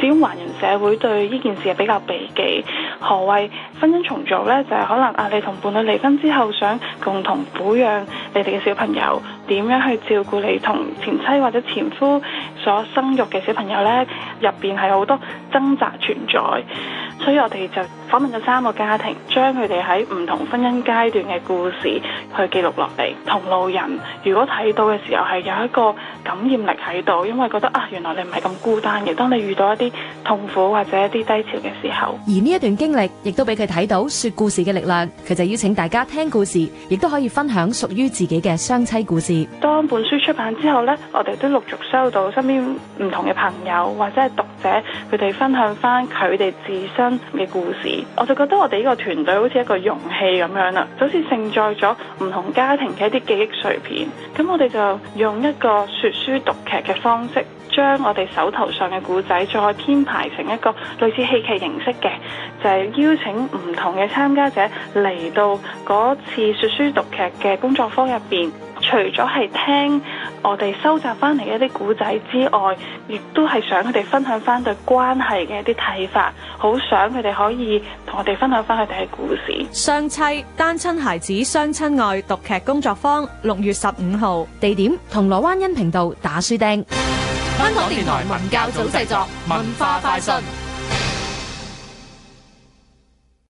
至於華人社會對呢件事係比較避忌。何謂婚姻重組咧？就係可能啊，你同伴侶離婚之後，想共同撫養你哋嘅小朋友，點樣去照顧你同前妻或者前夫？所生育嘅小朋友咧，入邊係好多掙扎存在，所以我哋就訪問咗三個家庭，將佢哋喺唔同婚姻階段嘅故事去記錄落嚟。同路人如果睇到嘅時候，係有一個感染力喺度，因為覺得啊，原來你唔係咁孤單嘅。當你遇到一啲痛苦或者一啲低潮嘅時候，而呢一段經歷亦都俾佢睇到說故事嘅力量。佢就邀請大家聽故事，亦都可以分享屬於自己嘅相妻故事。當本書出版之後咧，我哋都陸續收到新。啲唔同嘅朋友或者係讀者，佢哋分享翻佢哋自身嘅故事，我就覺得我哋呢個團隊好似一個容器咁樣啦，就好似承載咗唔同家庭嘅一啲記憶碎片。咁我哋就用一個說書讀劇嘅方式，將我哋手頭上嘅故仔再編排成一個類似戲劇形式嘅，就係邀請唔同嘅參加者嚟到嗰次說書讀劇嘅工作坊入邊，除咗係聽。我哋收集翻嚟一啲古仔之外，亦都係想佢哋分享翻對關係嘅一啲睇法，好想佢哋可以同我哋分享翻佢哋嘅故事。雙妻單親孩子相親愛讀劇工作坊，六月十五號，地點銅鑼灣恩平道打書釘。香港電台文教組製作，文化快訊。